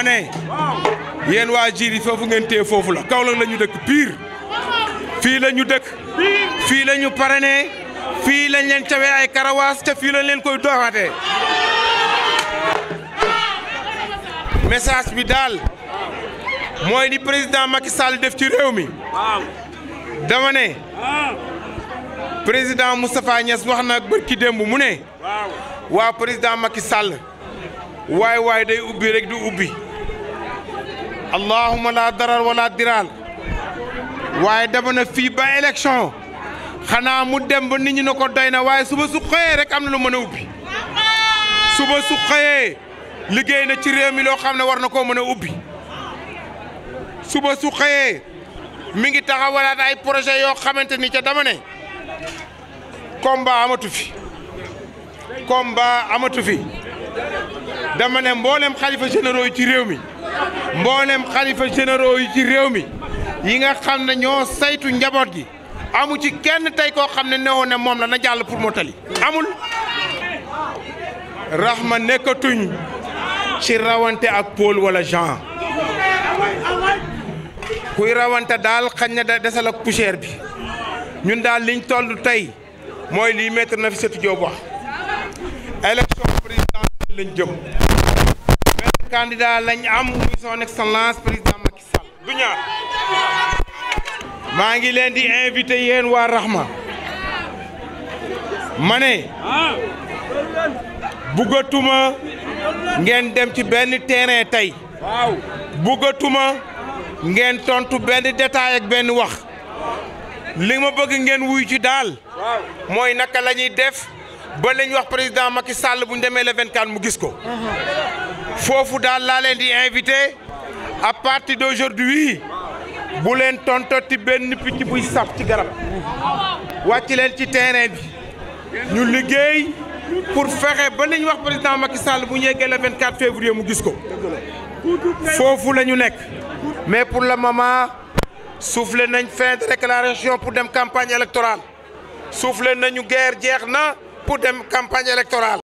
ma ne yéen waa jiir yi foofu ngeen téye foofu la Kaolack la ñu dëkk pire fii la ñu dëkk fii la ñu ne fii lañ leen tawee ay karawaas te fii lañ leen koy dooxatee message bi daal mooy di président Macky Sall def ci réew mi dama ne président Moustapha Niass wax na bërki démb mu ne waa président Macky Sall waay waay day ubbi rek du ubbi اللهم لا ضرر ولا درال واي دابنا في با الكشن خنا مو ديم با نيت ني نكو دوينا واي سوبا سو خوي رك امنا لو مانا اوبي سوبا سو خوي ليغينا تي ريمي لو خامنا ورنا كو مانا اوبي سوبا سو خوي ميغي تاخوالات اي بروجي يو خامتني تي داما ني كومبا اماتو في كومبا اماتو في داما ني مبولم خليفه جنرال تي ريمي mboolem xalifa généraux yi ci réew mi yi nga xam ne ñoo saytu njaboot gi amu ci kenn tey koo xam ne newoon ne moom la na jàll pour mu tali amul raxma nekkatuñ ci rawante ak Paul walla Jean kuy rawante daal xañ na desal ak poussière bi ñun daal liñ toll tey mooy lii maître Nafissatou Diop wax élection présidentielle lañ jëm candidat lañ am muy son excellence président Macky Sall du ñaar maa ngi leen di invité yéen waa Rahma ma ne buggatuma ngeen dem ci benn terrain tey buggatuma ngeen tontu benn détail ak benn wax li ma bëgg ngeen wuy ci daal mooy naka la def ba lañ wax président Macky Sall bu ñu demee le 24 mu gis ko. Uh-huh. fofu dal la len di invité à partir d'aujourd'hui bu tonto ti ben picc buy saf ci garab wati len ci terrain bi ñu liggéey pour faire ba niñ wax président Macky Sall bu le 24 février mu gis ko fofu la nek mais pour le moment soufflé nañ fin de déclaration pour une campagne électorale soufflé nañu guerre jeex pour une campagne électorale